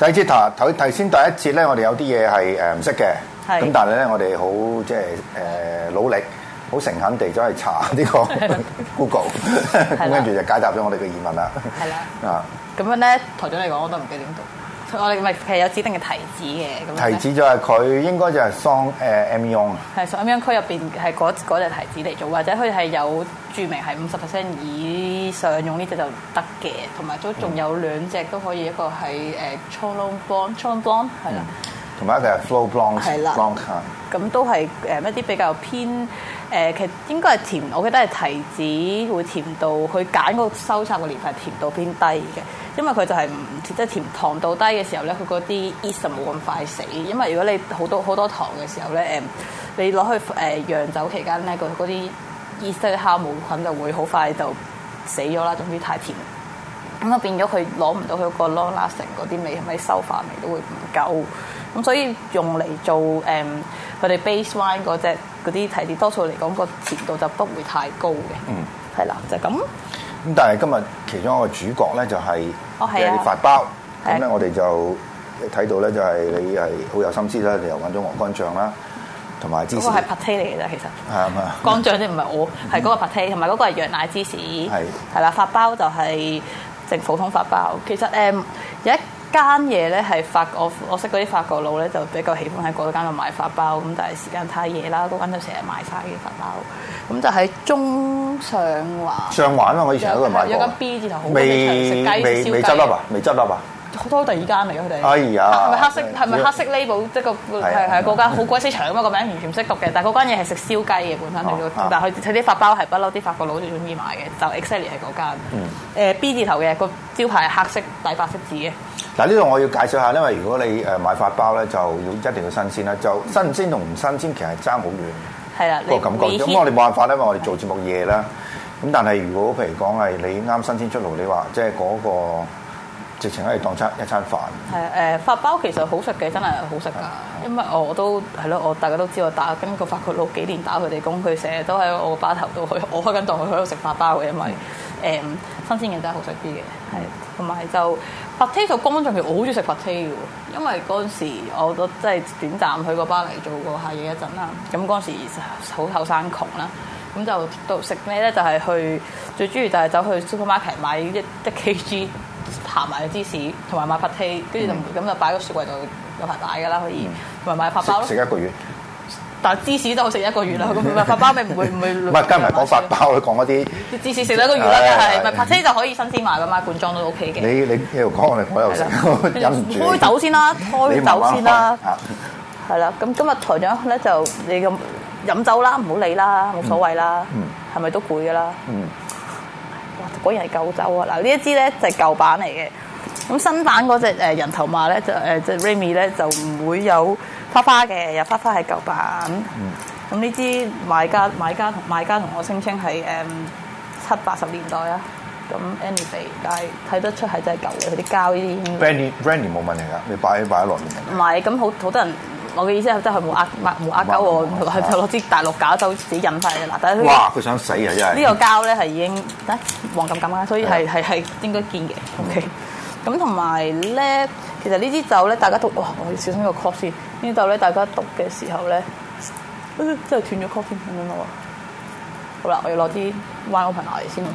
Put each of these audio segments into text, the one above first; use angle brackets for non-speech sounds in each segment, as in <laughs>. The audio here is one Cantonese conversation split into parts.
第一次查，頭頭先第一節咧，我哋有啲嘢係誒唔識嘅，係咁，但係咧我哋好即係誒努力，好誠懇地走去查呢、呢個 <laughs> Google，咁跟住就解答咗我哋嘅疑問啦。係啦，啊咁樣咧，台長嚟講我都唔記得點讀。我哋咪其實有指定嘅提子嘅，咁提子就係佢應該就係桑、呃、m i o n 啊。係桑 amion，區入面係嗰隻提子嚟做，或者佢係有註明係五十 percent 以上用呢隻就得嘅，同埋都仲有兩隻都可以一個係 trong bon trong bon 係啦。同埋佢係 Folle Blanche 係啦。咁都係誒一啲比較偏誒、呃，其實應該係甜，我記得係提子會甜到，佢揀嗰個收摘嘅年份甜度偏低嘅，因為佢就係唔即係甜糖度低嘅時候咧，佢嗰啲 yeast 冇咁快死，因為如果你好多好多糖嘅時候咧，誒你攞去誒釀酒期間咧，佢嗰啲 yeast 酵母菌就會好快就死咗啦，總之太甜。咁啊，變咗佢攞唔到佢嗰個 long lasting 嗰啲味，咪收飯味都會唔夠。咁所以用嚟做誒佢哋 base wine 嗰隻嗰啲提子多數嚟講個甜度就不會太高嘅。嗯，係啦，就係、是、咁。咁但係今日其中一個主角咧、就是，就係哦係有啲法包。咁咧、就是，我哋就睇到咧，就係你係好有心思啦，你又揾咗鵝肝醬啦，同埋芝士。嗰個係 pâté 嚟嘅啫，其實係啊嘛。肝醬啲唔係我，係嗰個 pâté 同埋嗰個係羊奶芝士，係係啦，法包就係、是。成普通法包，其實誒、嗯、有一間嘢咧係法國，我我識嗰啲法國佬咧就比較喜歡喺嗰間度買法包。咁但係時間太夜啦，嗰間就成日賣晒啲法包，咁就喺中上環。上環啊。我以前喺度買有間 B 字頭好味，食雞。未未未執笠吧？未執笠吧？好多第二間嚟嘅佢哋，係咪黑色係咪黑色 label 即個係係嗰間好鬼死長啊個名完全唔識讀嘅，但係嗰間嘢係食燒雞嘅本身嚟嘅、哦，但係佢佢啲法包係不嬲啲法國佬都中意買嘅，就 exactly 係嗰間。嗯。誒 B 字頭嘅個招牌係黑色底白色字嘅。嗱呢度我要介紹一下，因為如果你誒買法包咧，就要一定要新鮮啦。就新鮮同唔新鮮其實爭好遠嘅。係啦。呢個感覺咁我哋冇辦法啦，因為我哋做節目嘢啦。咁但係如果譬如講係你啱新鮮出爐，你話即係嗰個。直情可以當餐一餐飯。係啊，誒法包其實好食嘅，真係好食㗎。因為我都係咯，我大家都知我打跟個法國佬幾年打佢哋工，佢成日都喺我的巴頭度去，我開緊檔去喺度食法包嘅，因為誒、嗯、新鮮嘅真係好食啲嘅。係同埋就 potato 乾乾我好中意食 potato 因為嗰陣時我都真係短暫去過巴黎做過下嘢一陣啦。咁嗰陣時好後生窮啦，咁就到食咩咧？就係、是、去最中意就係走去 supermarket 買一 kg。一扒埋個芝士，同埋買法式，跟、嗯、住就咁就擺喺個雪櫃度，有排擺噶啦，可以，同、嗯、埋買法包咯。食一個月。但芝士都好食一個月啦，咁法包咪唔會唔會。唔 <laughs> 係，跟埋講法包，去講嗰啲。芝士食兩個月啦，係、哎、咪、哎、法式就可以新鮮買啦？買、哎、罐裝都 OK 嘅。你你繼續講，我哋我又飲唔住。開酒先啦，開酒先啦。係啦，咁、啊、今日台長咧就你咁飲酒啦，唔好理啦，冇所謂啦，係咪都攰噶啦？嗯。果然係舊酒啊！嗱，呢一支咧就係舊版嚟嘅。咁新版嗰隻誒人頭馬咧就誒、是、即係 Remy 咧就唔會有花花嘅，又花花係舊版。嗯。咁呢支買家買家同買家同我聲稱係誒七八十年代啊。咁 Anyway，但係睇得出係真係舊嘅，佢啲膠呢啲。Randy Randy 冇問題㗎，你擺一擺喺落面。唔係，咁好好多人。我嘅意思係真係冇呃，冇呃膠喎，佢就攞、是、支大陸膠就自己印翻嚟啦。但係佢呢個膠咧係已經黃金金啦，所以係係係應該堅嘅。OK，咁同埋咧，其實呢支酒咧，大家讀哇，我要小心個 cork 先。呢度咧，大家讀嘅時候咧，即係斷咗 cork 先咁樣咯。好啦，我要攞啲 wine opener 先睇。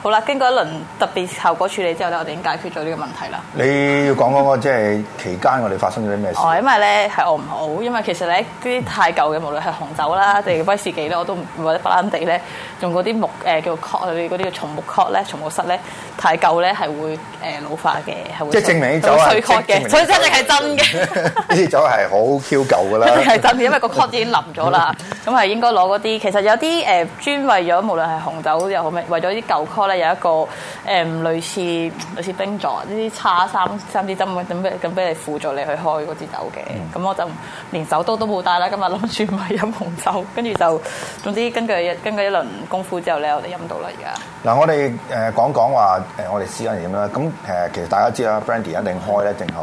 好啦，經過一輪特別效果處理之後咧，我哋已經解決咗呢個問題啦。你要講嗰個即係期間我哋發生咗啲咩事？哦，因為咧係我唔好，因為其實咧啲太舊嘅，無論係紅酒啦定、嗯、威士忌咧，我都唔會或者白蘭地咧。用嗰啲木誒、呃、叫 cork 嗰啲嘅松木 cork 咧，松木塞咧太舊咧係會老化嘅，係會都脆 cork 嘅，所以真正係真嘅。呢支酒係好 Q 舊噶啦，一定係真嘅，因為個 cork 已經腍咗啦。咁 <laughs> 係應該攞嗰啲，其實有啲誒、呃、專為咗無論係紅酒又好咩，為咗啲舊 cork 咧有一個誒、呃、類似類似冰鑿，呢啲叉三三支針咁咁俾咁俾你輔助你去開嗰支酒嘅。咁、嗯、我就連手刀都都冇帶啦，今日諗住咪飲紅酒，跟住就總之根據根據一輪功夫之後咧，我哋飲到啦，而家。嗱，我哋誒講講話誒，我哋試吓點啦。咁誒，其實大家知啦、嗯，Brandy 一定開咧，一定好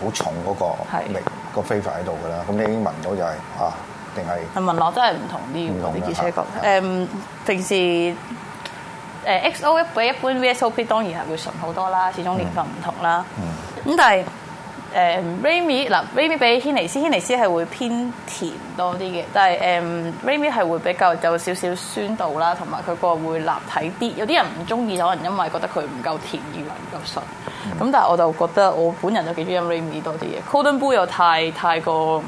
好重嗰、嗰個力，嗰個 flavour 喺度㗎啦。咁你已經聞到就係、是、啊，定係？係聞落真係唔同啲，唔同啲嘅車腳。誒，平時誒 X O 比一般，般 V S O P，當然係會順好多啦。始終年份唔同啦。嗯。咁但係。誒 Remy，嗱 Remy 比 Hennessy Hennessy 係會偏甜多啲嘅，但係誒 Remy 係會比較有少少酸度啦，同埋佢個會立體啲。有啲人唔中意，可能因為覺得佢唔夠甜而唔夠順。咁但係我就覺得我本人就幾中意飲 Remy 多啲嘅。Cordon Bleu 又太太過誒，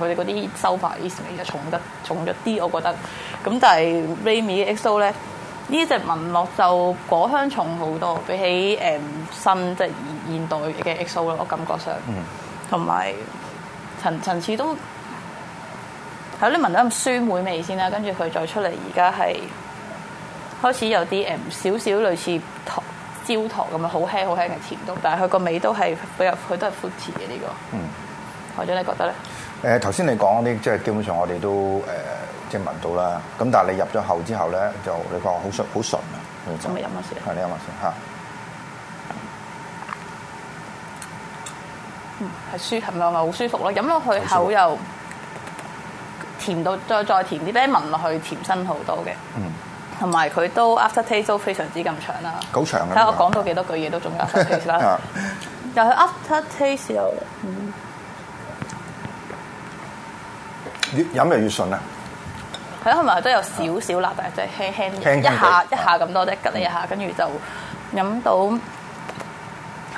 佢哋嗰啲手法依啲嘢重得重咗啲，我覺得。咁但係 Remy XO 咧。呢隻聞落就果香重好多，比起誒新即係現代嘅 XO 咯，我感覺上，同、嗯、埋層層次都係有啲聞到咁酸梅味先啦，跟住佢再出嚟，而家係開始有啲誒少少類似糖焦糖咁嘅好輕好輕嘅甜度，但係佢個味都係比較佢都係苦甜嘅呢個。嗯，台長你覺得咧？誒頭先你講嗰啲即係基本上我哋都誒。呃即係聞到啦，咁但係你入咗喉之後咧，就你講好順好順啊！我未飲啊先，係你飲啊先嚇。係舒係咪好舒服咯！飲落去口又甜到，再再甜啲咧，聞落去甜身好多嘅。同埋佢都 after taste 都非常之咁長啦，好長嘅。睇我講到幾多句嘢 <laughs> 都仲有 after taste 啦， <laughs> 又係 after taste 又、嗯、又越飲嚟越順啊！係咯，同埋都有少少辣，但係即係輕輕一下輕輕一下咁多啫，吉、嗯、你一下，跟住就飲到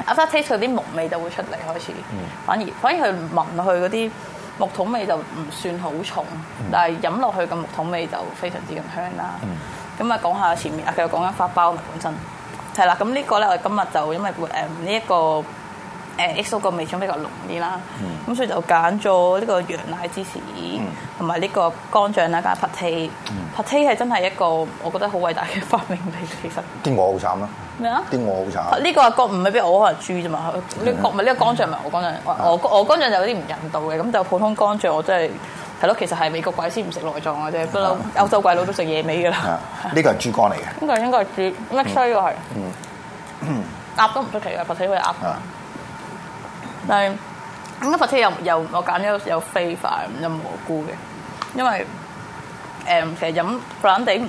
after taste 啲木味就會出嚟開始。嗯、反而反而佢聞落去嗰啲木桶味就唔算好重，嗯、但係飲落去嘅木桶味就非常之咁香啦。咁啊，講下前面啊，繼又講緊法包，咪本身係啦。咁呢個咧，我哋今日就因為誒呢一個。XO 個味精比較濃啲啦，咁所以就揀咗呢個羊奶芝士，同埋呢個乾醬啦，加 Pâté。Pâté 係真係一個我覺得好偉大嘅發明嚟，其實。啲鵝好慘啦。咩啊？啲鵝好慘。呢、呢個係國唔係咩？鵝可能豬啫嘛。呢個唔係呢個乾醬，唔係我講緊。我我乾醬就、嗯、有啲唔人道嘅，咁、嗯、就普通乾醬我真係係咯。其實係美國鬼先唔食內臟嘅啫，不、嗯、嬲歐洲鬼佬都食野味㗎啦。呢個係豬肝嚟嘅。呢、呢個應該係豬，墨西哥係。嗯。鴨都唔出奇嘅，Pâté 會鴨。嗯。但係咁，a 發車又又我揀咗有非法有蘑菇嘅，因為誒其實飲白蘭地唔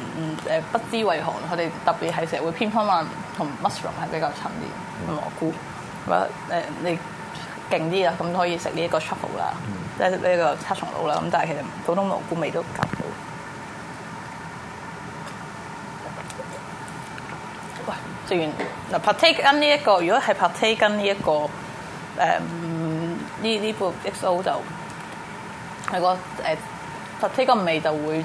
不，不知為何，佢哋特別係成日會偏方話同 mushroom 係比較襯啲蘑菇，你勁啲啦，咁可以食呢一個 truffle 啦，即係呢個黑松露啦，咁但係其實普通蘑菇味都夾到。喂，食完嗱 partake 跟呢一個，如果係 partake 跟呢一個。誒嗯，呢呢部 XO 就係個誒，pâté 嘅味就會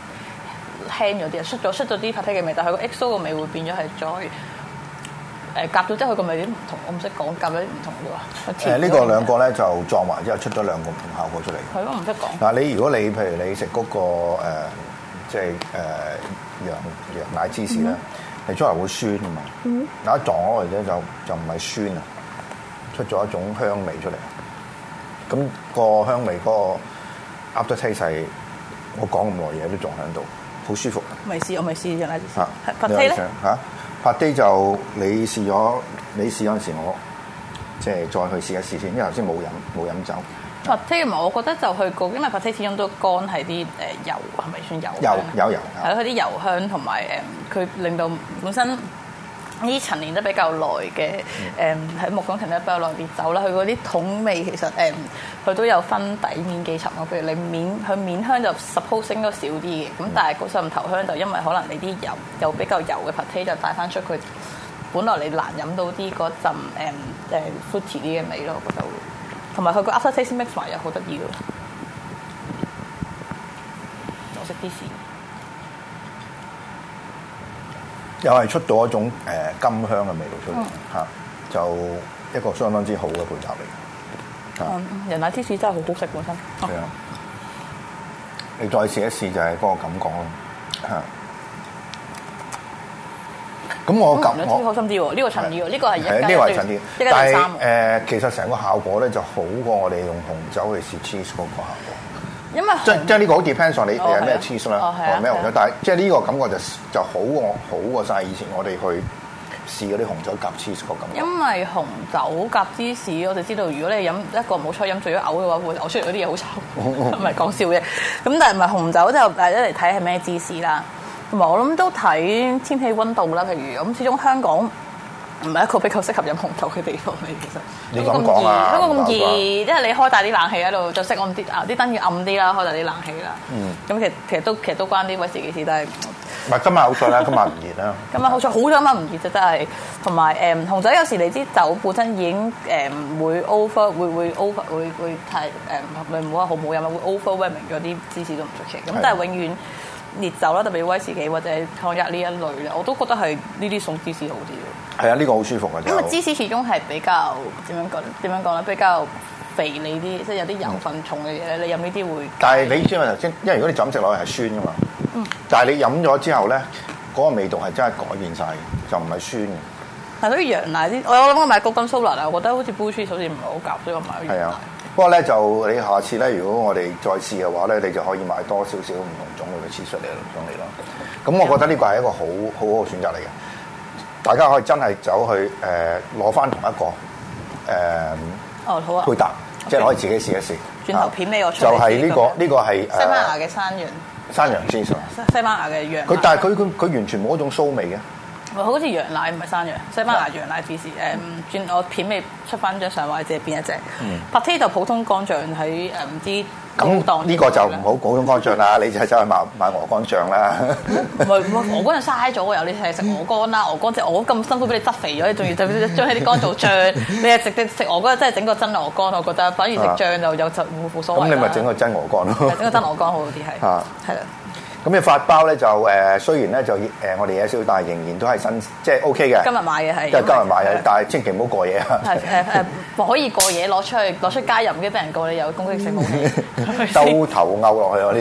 輕咗啲啊，出咗出咗啲 pâté 嘅味，但係個 XO 嘅味會變咗係再誒夾咗，即係佢個味點唔同，我唔識講，夾咗啲唔同啲啊。誒呢個兩個咧就撞埋之後出咗兩個唔同效果出嚟。係咯，唔識講。嗱，你如果你譬如你食嗰個誒，即係誒羊羊奶芝士咧，你出嚟會酸啊嘛。嗯。嗱一撞開嚟咧，就就唔係酸啊。出咗一種香味出嚟，咁、那個香味嗰、那個 a 得 t e taste 係我講咁耐嘢都仲喺度，好舒服。未試我未試，楊麗。拍 p 咧就你試咗，你試嗰時候我即係再去試一試先，因為頭先冇飲冇飲酒。拍 a t e 唔係，我覺得就去過因為拍 a 始終都幹係啲誒油，係咪算油？有有油。係咯，佢、啊、啲油香同埋佢令到本身。呢層練得比較耐嘅，喺、嗯、木工場練得比較耐啲酒啦。佢嗰啲桶味其實誒，佢、嗯、都有分底、面幾層咯。譬如你面，佢面香就十毫升都少啲嘅。咁但係嗰陣頭香就因為可能你啲油又比較油嘅 part 就帶翻出佢本來你難飲到啲嗰陣誒誒 f y 啲嘅味咯。就同埋佢個 after taste mix 又好得意嘅。我食啲又係出到一種誒甘香嘅味道出嚟嚇、嗯，就一個相當之好嘅配搭嚟。啊！羊奶芝士真係好好食，本身。係啊，啊你再試一試就係嗰個感覺咯嚇。咁我、嗯、我好心啲呢個陳年呢、呢個係呢、呢個係陳年，但係誒、呃，其實成個效果咧就好過我哋用紅酒去試芝士嗰個效果。因為即即係呢個好 depends on 你係咩、哦啊、芝士啦，或、哦、咩、啊、紅酒，是啊是啊、但係即係呢個感覺就就好過好過曬以前我哋去試嗰啲紅酒夾芝士個感覺。因為紅酒夾芝士，我哋知道如果你飲一個唔好彩飲醉咗嘔嘅話，會嘔出嚟嗰啲嘢好臭，唔係講笑嘅，咁但係唔係紅酒就大家嚟睇係咩芝士啦，同埋我諗都睇天氣温度啦。譬如咁，始終香港。唔係一個比較適合飲紅酒嘅地方嚟，其實。咁熱，不過咁熱，即係你開大啲冷氣喺度，就熄咗啲啊啲燈要暗啲啦，開大啲冷氣啦。嗯。咁其實其實都其實都關啲乜事幾事都係。唔係今日好彩啦，今日唔 <laughs> 熱啦。今日好彩，好彩，今唔熱就真係。同埋誒紅酒有時你啲酒本身已經誒唔、嗯、會 over，會會 over，會會，會，會太誒唔係唔好話好唔好飲會，會 overwhelming 咗啲芝士都唔出奇。咁但係永遠。烈酒啦，特別威士忌或者干邑呢一類咧，我都覺得係呢啲送芝士好啲嘅。係啊，呢個好舒服嘅。因為芝士始終係比較點樣講？點樣講咧？比較肥膩啲，即係有啲油分重嘅嘢咧。你飲呢啲會。但係你知唔知頭先？因為如果你就食落去係酸嘅嘛。嗯。但係你飲咗之後咧，嗰個味道係真係改變晒，就唔係酸嘅。係嗰啲羊奶啲，我我諗我買高金酥拿，我覺得好似杯奇好似唔係好夾，所以我買羊奶。係啊，不過咧就你下次咧，如果我哋再試嘅話咧，你就可以買多少少唔同種類嘅芝士嚟嚟咯。咁我覺得呢個係一個很很好好好嘅選擇嚟嘅。大家可以真係走去誒攞翻同一個誒、呃、哦，好啊，配搭，okay, 即係可以自己試一試。轉頭片畀、啊、我的？就係、是、呢、這個呢個係西班牙嘅山羊山羊芝士，西班牙嘅羊。佢但係佢佢佢完全冇一種臊味嘅。好似羊奶，唔係山羊，西班牙羊奶芝士誒，轉我片尾出翻張相話只係邊一隻？白切就普通肝醬喺誒，唔知咁，當呢個就唔好普通肝醬啦，你就係走去買買鵝肝醬啦。唔係鵝肝醬嘥咗，有啲係食鵝肝啦，鵝肝即係咁辛苦俾你執肥咗，仲要將啲將啲啲肝做醬，你係食啲食鵝肝即係整個真鵝肝，我覺得反而食醬就有就冇所謂。咁、啊、你咪整個真鵝肝咯，整、啊、個真鵝肝好啲係，係啦。咁你發包咧就誒，雖然咧就誒，我哋有少少，但係仍然都係新，即係 O K 嘅。今日買嘅係，即係今日買嘅，但係千祈唔好過夜啊！誒誒誒，可以過夜攞出去攞出街，又唔驚俾人告你，有攻擊性攻擊。 <laughs> 兜頭勾落去啊！呢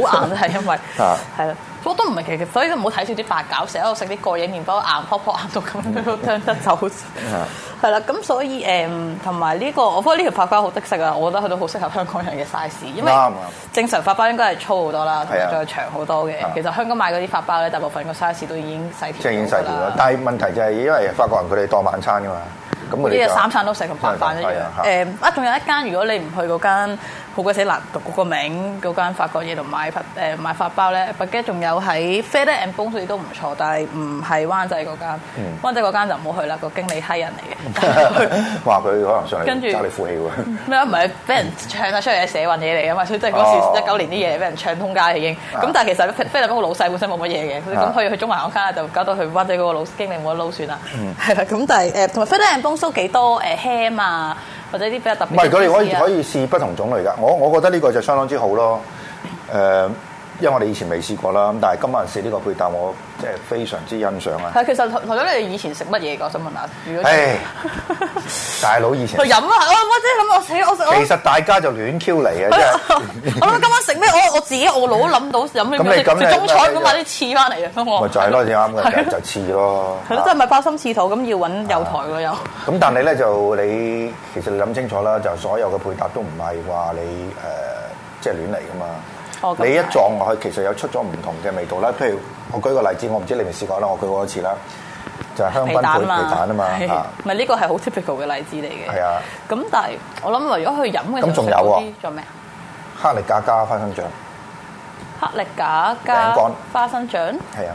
度好硬啊，係 <laughs> 因為係啦。我都唔係其實，所以都唔好睇住啲發酵食，成日喺度食啲過癮麵包，硬撲撲硬到咁樣都吞得走。 <laughs> <laughs> 係啦，咁所以誒，同埋呢個，我覺得呢條法包好得食啊！我覺得佢都好適合香港人嘅 size，因為正常法包應該係粗好多啦，同埋仲要長好多嘅。其實香港買嗰啲法包咧，大部分個 size 都已經細條，即係已經細條啦。但係問題就係因為法國人佢哋當晚餐噶嘛，咁佢哋三餐都食同白飯一樣。誒啊，仲有一間，如果你唔去嗰間。好鬼死難讀嗰個名，嗰間法國嘢同埋法包咧 b u e 仲有喺 Feder and Bonsoy 都唔錯，但係唔係灣仔嗰間。嗯、灣仔嗰間就唔好去啦，個經理閪人嚟嘅。話佢 <laughs> 可能想跟住，嚟負氣喎。咩唔係俾人唱得出嚟嘅社運嘢嚟啊嘛，所以即係嗰時一、哦、九年啲嘢俾人唱通街已經。咁、啊、但係其實 Feder and Bonsoy 幾多誒 ham 啊？或者啲比較特別，唔係佢哋可以可以試不同種類㗎。我我覺得呢個就相當之好咯。誒、呃、因為我哋以前未試過啦。咁但係今晚試呢個配搭，我即係非常之欣賞啊！係其實同同咗你哋以前食乜嘢噶？我想問下，如果誒、hey, <laughs> 大佬以前去飲啊！我我即係咁啊！啊啊啊啊其實大家就亂挑嚟嘅， <laughs> 真是 <laughs> 我諗今晚食咩？我我自己我腦都諗到有咩咩中菜，咁買啲刺翻嚟啊！咁咪就係咯，正啱嘅，就刺咯。咁即係咪花心刺肚？咁要揾油台喎又。咁但係咧就你其實你諗清楚啦，就所有嘅配搭都唔係話你誒即係亂嚟噶嘛。你一撞落去、嗯，其實有出咗唔同嘅味道啦。譬如我舉個例子，我唔知你未試過啦，我舉過一次啦。就香檳配皮蛋啊嘛，咪呢個係好 typical 嘅例子嚟嘅。咁但係我諗，如果去飲嘅時候，咁仲有喎？做咩啊？克力架加花生醬，克力架加花生醬，係啊。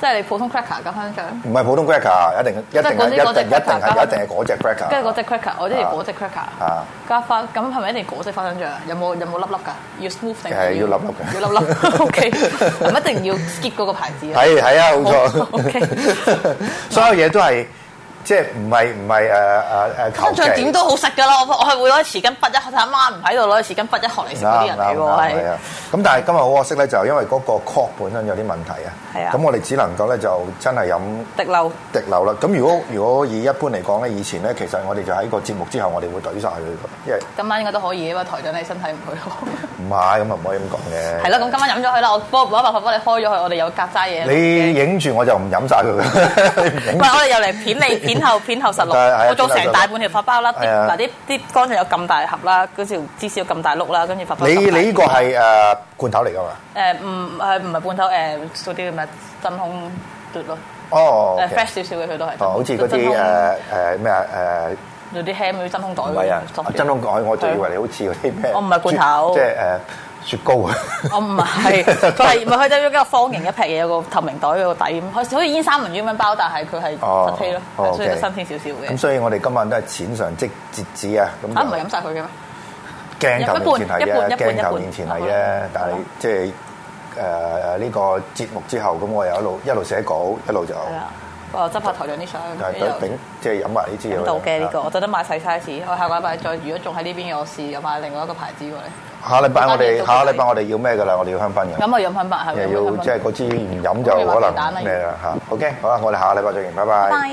即係你普通 cracker 嘅花生醬唔係普通 cracker，一定一定一定一定係一定係嗰隻 cracker。跟住嗰隻 cracker，我之前攞隻 cracker。嚇。加花，咁係咪一定嗰隻花生醬？有冇有冇粒粒㗎？要 smooth 定？係要粒粒嘅。要粒粒， <laughs> 要粒，粒， <laughs> 要粒，粒。O K，唔一定要 skip 嗰個牌子啊。係係啊，冇錯。 <laughs> o、okay. K，所有嘢都係。即係唔係唔係誒誒誒？肝醬點、啊啊啊啊、都好食㗎啦！我我係會攞匙羹剝一殼，媽媽一晚唔喺度攞匙羹剝一殼嚟食嗰啲人嚟喎。咁，但係今日好可惜咧，就因為嗰個 cork 本身有啲問題啊。係啊。咁我哋只能夠咧就真係飲滴漏。滴漏啦。咁如果如果以一般嚟講咧，以前咧其實我哋就喺個節目之後，我哋會懟晒佢，因為今晚應該都可以啊嘛。因為台長你身體唔好。唔係，咁啊唔可以咁講嘅。係咯，咁今晚飲咗佢啦。我幫唔好辦法幫你開咗佢。我哋有隔渣嘢。你影住我就唔飲晒佢。唔係，我哋又嚟片你不拍片後片後實錄，我、就是、做成大半條法包粒，嗱啲啲乾淨有咁大盒啦，嗰條芝士有咁大碌啦，跟住法包你你呢個係誒、uh, 罐頭嚟㗎嘛？誒唔係唔係罐頭，誒做啲咩真空袋咯？哦，fresh 少少嘅佢都係。哦、oh,，好似嗰啲誒誒咩啊誒？啲輕啲真空袋。唔係啊，真空袋、uh, 我仲以為你好似嗰啲咩？我唔係罐頭，即係誒。Uh, 雪糕啊、 <laughs> 哦！我唔係，係咪佢就咁一個方形的一撇嘢，有個透明袋嘅個底，好似好似煙三文魚咁包，但係佢係哦，所以新鮮少少嘅。咁、okay. 所以我哋今晚都係淺嘗即截止啊！咁唔唔係飲晒佢嘅咩？鏡頭面前係啫，鏡頭面前係啫、嗯嗯，但係即係誒呢個節目之後，咁我又一路一路寫稿，一路就啊執拍台兩啲相。誒即係飲埋呢支嘢。到嘅呢個，我只得買細 size，我下個禮拜再，如果仲喺呢邊有試，又買另外一個牌子過嚟。下禮拜我哋下個禮拜我哋要咩㗎啦？我哋要香檳嘅。咁啊，飲翻白係咪？又要即係嗰支唔飲就可能咩啦吓，OK，好啦，我哋下個禮拜再見，拜拜。拜，拜。